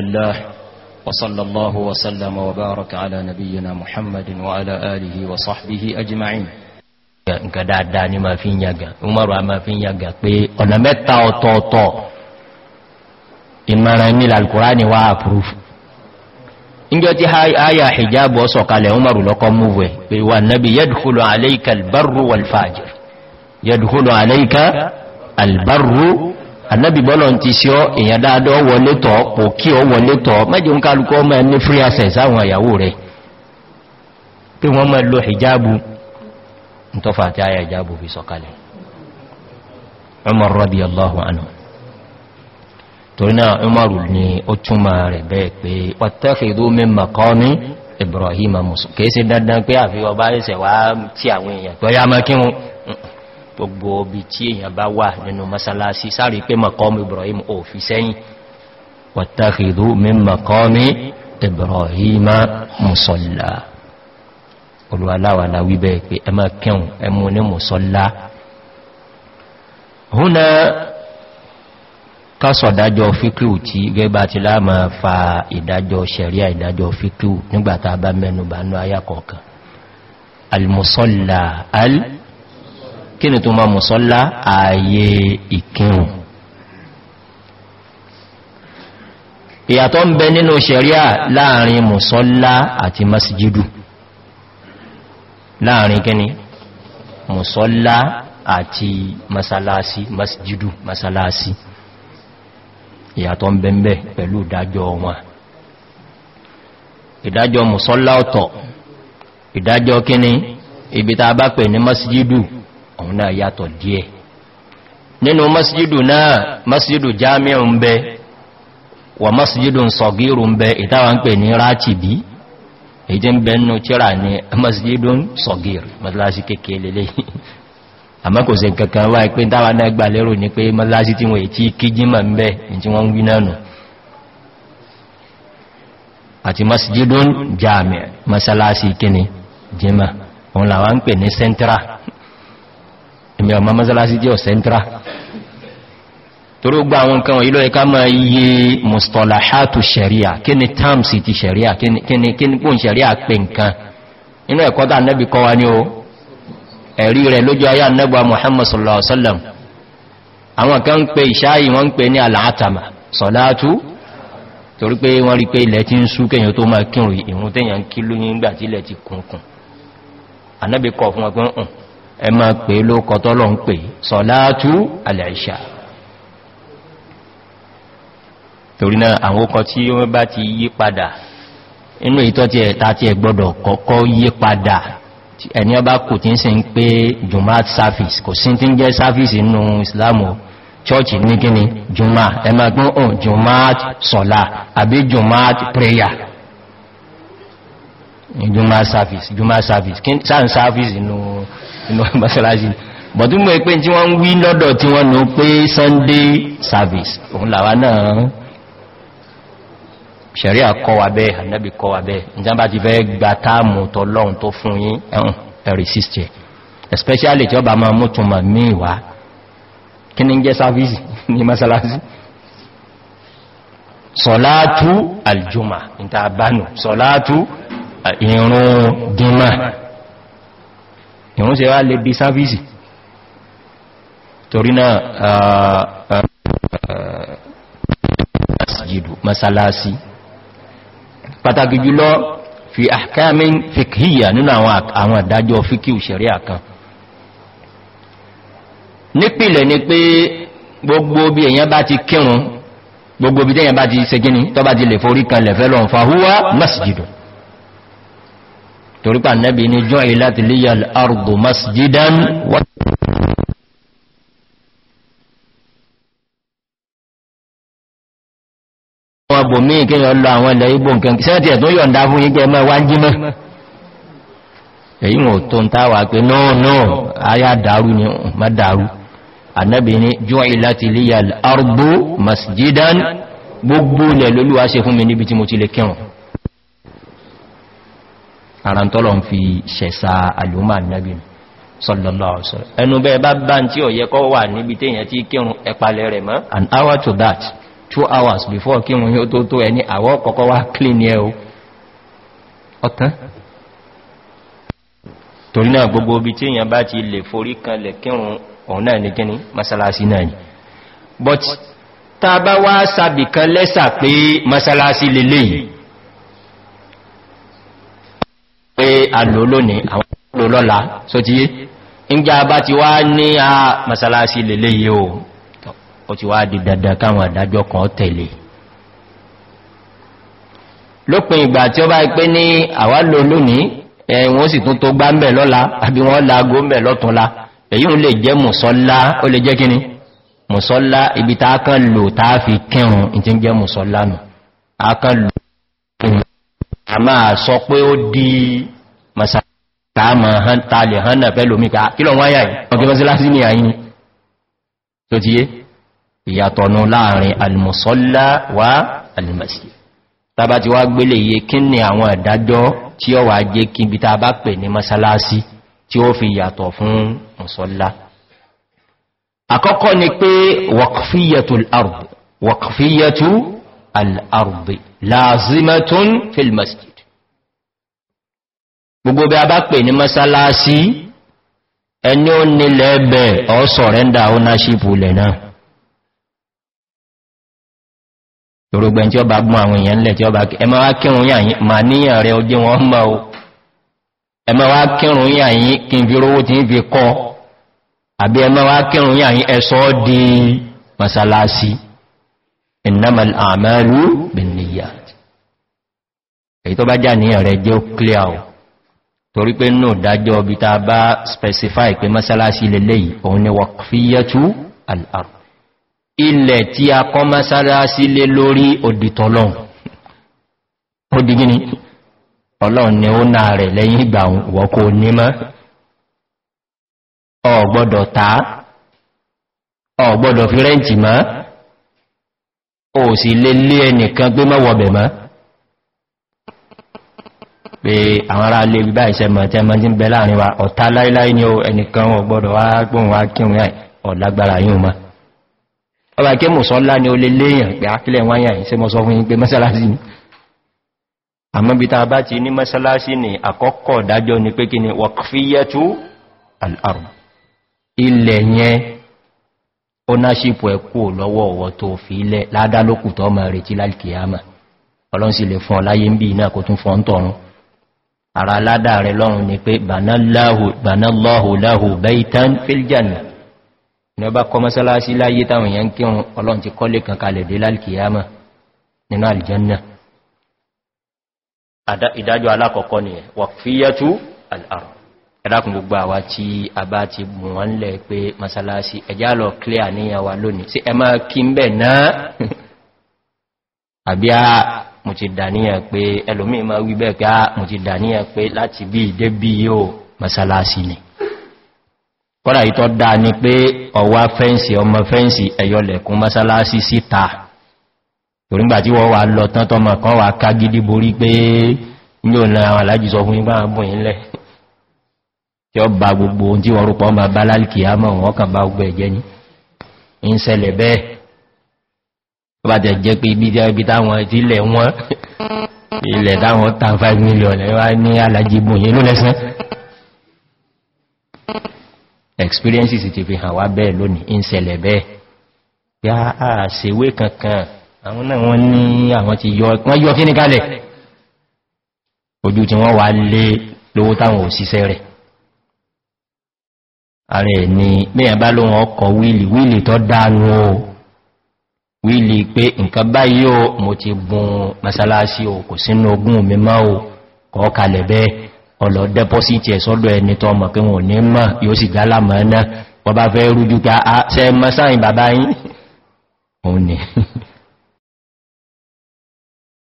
الله وصلى الله وسلم وبارك على نبينا محمد وعلى آله وصحبه أجمعين nǹkan dáadáa ní ma fi ń yàgà umaru a ma fi ń yàgà pé ọ̀nà mẹ́ta ọ̀tọ̀ọ̀tọ̀ ìmọ̀ràn ní alkùrá ni wá àpúrúfù níjọ́ tí àyà hijabu ọ sọ̀kalẹ̀ umaru lọ́kọ́ múvù ẹ̀ pé wà nábi yẹ́dùkúlù aláìkà albarru annabi bọ́lọ̀ ti sí ọ èyàn dáadọ́ wọlé tọ́ pò kí ọ wọlé tọ́ mẹ́jọ ń kálùkọ́ ọmọ ẹni free access àwọn àyàwó rẹ̀ pé wọ́n mọ́ lọ hijabu ń tọ́fà àti hijabu fi sọ̀kalẹ̀ ọmọ rọ́bí gbogbo ọbi tí èyàn bá wà nínú masalasi sáàrí pé makọ́mù ibrahim ò fi sẹ́yìn wàtàkìdú min makọ́mù ibrahim musalla olùwàláwàlá wíbẹ̀ pé ẹmà kẹun ẹmù ní musalla húnna kásọ̀ dájọ́ fíkíù tí gẹ́gbà ti láàmà fa ìdájọ́ sẹ̀ríà ìdájọ́ fíkíù nígbàtà bá mẹ́nu bá ayá kọ̀ọ̀kan al-musalla al kí ni tó máa mùsọ́lá ààyè ìkẹrùn ìyàtọ̀ ń bẹ nínú ṣẹ̀ríà láàrin mùsọ́lá àti masjidu láàrin kíni mùsọ́lá àti masalasi masjidu masalasi ìyàtọ̀ ń bẹ ń bẹ pẹ̀lú ìdájọ́ wọn ìdájọ́ mùsọ́lá ọ̀tọ̀ ìdájọ́ kíni ibi ta bá pè ní masjidu òun náà yàtọ̀ díẹ̀ nínú masjidu náà masjidu jamiu ń bẹ wà masjidu sọ̀gírù ń bẹ ìtawà ń pè ní ráàtìbí èyí tí ń bẹ nínú tíra ní masjidu sọ̀gírù mọ́sílásí kékeré lẹ́yìn àmọ́ kò se kankan wá pé dáwà náà gbà lérò ní pé mọ́lásí tí wọ́n ètí kíjímà ń bẹ́ tí wọ́n ń wí náà nù àti masjidun jami masalasi kíni jima òun làwá ń pè ní central èmi ọmọ mọ́sálásí jẹ́ ọ̀sẹ́ntra torógbà àwọn nǹkan ìlọ́ ẹka ma yí mustolahatu sharia kí ni tamsi ti sharia kí ni pún sharia pè nǹkan inú ẹ̀kọ́ tàà nẹ́bí kọwa ní o ẹ̀rí rẹ̀ lójú ayá nẹ́gbà muhammad sallallahu alaihi wasallam àwọn kan ń pe ìṣáyì wọ́n ń pe ní al'atama sọ̀látú torí pé wọ́n rí pé ilẹ̀ tí ń sú kẹyàn tó máa kírùn ìhun ẹ máa pè ló kọtọ́lọ̀ ń pè sọ̀látú alẹ́ṣà torí náà àwọn ọkọ̀ tí wọ́n bá ti yí padà inú ìtọ́ ti ẹ̀ta ti ẹgbọ́dọ̀ kọ́kọ́ yí padà ẹni ọba kò tí ń se ń pé jumat service kò sí tí ń jẹ́ service inú islam church ní gíní juma ẹ máa gbọ́n ọ̀ oh, jumat sọ̀lá àbí jumat prayer jumat service jumat service kí sáà ń service inú inú But bọ̀tún mọ́ pé tí wọ́n ń wí lọ́dọ̀ tí wọ́n nù pé sunday service òun làwà náà ṣẹ̀rí àkọwà bẹ́ẹ̀ ànábì kọwà bẹ́ẹ̀ ìjọba ti fẹ́ gba táàmù tọ́lọ́run tó fún yín ẹ̀hùn ẹ̀rìsìsì especially tí ó bá máa mú túnmà míì wá kí ní jẹ́ sáfíìsì ní mọ́sálásí sọ̀látú aljuma ìtàbánu sọ̀látú ìrún dìmá ìwọ́n se wá lè bí sáfíìsì torí náà masjidu masalasi pàtàkì jùlọ fi àkámin fikhiya nínú àwọn àdájọ́ fíkíù sẹ̀rí àkan nípìlẹ̀ ni pé gbogbo bí èyàn bá ti kírun gbogbo bí tẹ́yàn bá ti ṣe gíní tọ́bá ti lè forí kan lẹ̀fẹ́ lọ́n fa húwá masjidu torípa nẹ́bí ní jọ́ ìláti líyà al'ardu masjidan wọ́n bò mí kí yọ lọ àwọn ilẹ̀ igbó nǹkan sẹ́ẹ̀tì ẹ̀tún yọ̀nda fún yíkẹ́ mẹ́ wá jímẹ́ èyí wọ́n tó ń táwà pé náà náà ayá dàrú ni má dàrú annabi ni jọ́ ìláti líyà al'ardu masjidan gbogbo ilẹ̀ lólúwa ṣe fún mi níbi tí mo ti lè kẹrùn ara ń tọ́lọ̀ ń fi ṣẹ̀ṣà àlúmà nẹ́bì sọ́lọ́lọ́ọ̀sọ́ ẹnu bẹ́ẹ̀ bá bá ń tí ọ̀yẹ́ kọ́ wà níbi téèyàn tí kírun ẹpalẹ̀ rẹ̀ mọ́ an hour to that two hours before kírun yóò tó tó ẹni àwọ́ kọ́kọ́ wá clean ẹ o ọ̀tán torí náà gbogbo ibi téèyàn bá masalasi náà but ta bá wá sàbìkan masalasi lè alò lónìí àwọn olò lọ́la so ti yé ìgbà bá ti wá ní a masalasi lèlé yìí o ó ti wá di dada káwọn àdájọ́ kan tẹ̀lé lópin ìgbà tí ó bá pé ní àwá lò lónìí ẹ̀wọ̀n sì tún tó gbá mẹ́ lọ́la àbí wọ́n la gómẹ̀ lọ́túnla èyí ń lè jẹ́ mùsọ́lá ó lè jẹ́ kíní mùsọ́lá ibi tá a kan lò tá a fi kírun ìtí ń jẹ́ mùsọ́lá nù a kan lò a máa sọ pé ó di masa ta ma han ta le han na pẹ̀lú mi ka kí lọ wáyà yìí ọkẹ́ mọ́sílásí ní àyíní tó ti yé ìyàtọ̀nù láàrin alìmọ̀sọ́lá wá alìmọ̀sí tàbá ti wá gbélé iye kí ní àwọn ìdájọ́ tí ó wà jẹ́ kí ta bá pè ní mọ́sálásí tí ó fi yàtọ̀ fún mọ́sọ́lá àkọ́kọ́ ni pé wàkfíyàtù al'arbi láàzímẹ́tún fil masjid gbogbo bí a bá pè ní mọ́sálásí ẹni ó nílẹ̀ ẹbẹ̀ ọ́ sọ̀rẹ́ndà ownership ulẹ̀ náà yorùgbẹ̀ tí ó bá gbọ́n àwọn èèyàn lẹ̀ tí ó bá ẹmọ́ wá kírùn yàyìn ma níyàn rẹ̀ ojú wọn mọ́ o ẹmọ́ wá kírùn yàyìn kí n fi rówó tí ń fi kọ́ àbí ẹmọ́ wá kírùn yàyìn ẹ̀sọ́ di masalasi innamal amalu bin niyya èyí tó bá jà níyàn rẹ̀ jẹ́ ó clear torí pé náà dájọ́ bí ta bá specify pé mọ́sálásí lélẹ̀ yìí òun ni wọ́kfíyẹ́tú al'ar ilẹ̀ tí a kọ́ mọ́sálásí lé lórí òdìtọ́lọ́un ó dí gíní ọlọ́run ni ó náà rẹ̀ lẹ́yìn ìgbà wọ́kó nímọ́ ọ̀gbọ́dọ̀ ta ọ̀gbọ́dọ̀ fi rẹ́ǹtì mọ́ ò sì lé lé ẹnìkan gbé mọ́wọ̀bẹ̀ mọ́ pé àwọn ará lè bíbá ìṣẹ́mọ̀ tí ẹmọ tí ń bẹ láàrin wa ọ̀tá láíláí ni ó ẹnìkan ọgbọ́dọ̀ wá gbóhùn wá kírùn ẹ̀ ọ̀lágbára yíò ma ọba ah, kí mù sọ́lá ni ó lè léèyàn pé ákílẹ̀ wáyà yìí sí mọ́ sọ fún yí pé mọ́sálásí ni àmọ́ bí ta bá ti ní mọ́sálásí ni àkọ́kọ́ dájọ́ ni pé ọlọ́nsí lè fún ọláyé ń bí iná kò tún fọ́ntọ̀run ara aládà rẹ̀ lọ́run ni pé bànáláhù láhù bẹ́ìtàn fíljànà ní ọba kọ mọ́sálásí láyé táwọn èèyàn kírun ọlọ́run ti kọ́lé kankalẹ̀ dé lálkìyàmà nínú aljanna ìdájọ́ alákọ̀ọ́kọ́ ni wàfíyàtú al'arọ̀ ẹ̀dàkùn gbogbo àwá mo ti dàníyàn pé ẹlòmí ma wí bẹ́ẹ̀ pé ah, mo ti dàníyàn pé láti bí ìdé bí yóò masalasi ni kọ́lá ìtọ́ dáa ni pé ọwá fẹ́ǹsì ọmọ fẹ́ǹsì ẹ̀yọlẹ̀kún masalasi síta torígbà wọ́n wà lọ tán kan wà ká gidi borí pé ní òun àwọn alájì sọ fún igbá gbogbo ohun tí ọmọ bá tẹ̀ jẹ́ pé ibi táwọn ti lẹ̀ wọn ilẹ̀ táwọn ta 5 million ẹwà ní alájìbùn yìí ló lẹ́sán experiences ti fi hàn wá bẹ́ẹ̀ lónìí ń sẹlẹ̀ bẹ́ẹ̀ yá a ṣèwé kankan àwọn náà wọ́n ní àwọn ti yọ wọ́n yọ kíní kalẹ̀ ojú tí wọ́n wà lé lówó táwọn òṣìṣẹ́ rẹ̀ ààrẹ ni mẹ́yàn bá lóhun ọkọ̀ wíìlì wíìlì tó dáa nù wílì pé nǹkan báyìí o mo ti gun masalasi o kò sínú ogún mi máa o kọ́ kalẹ̀ bẹ́ ọ̀lọ̀ dẹ́pọ́sìtì ẹ̀ sọ́dọ̀ ẹni tọ́ mọ̀ pé wọ́n ní mọ̀ yóò sì gálà mọ́ náà wọ́n bá fẹ́ rújú pé a ah, sẹ́ ah, mọ́ sáyìn bàbá yìí òun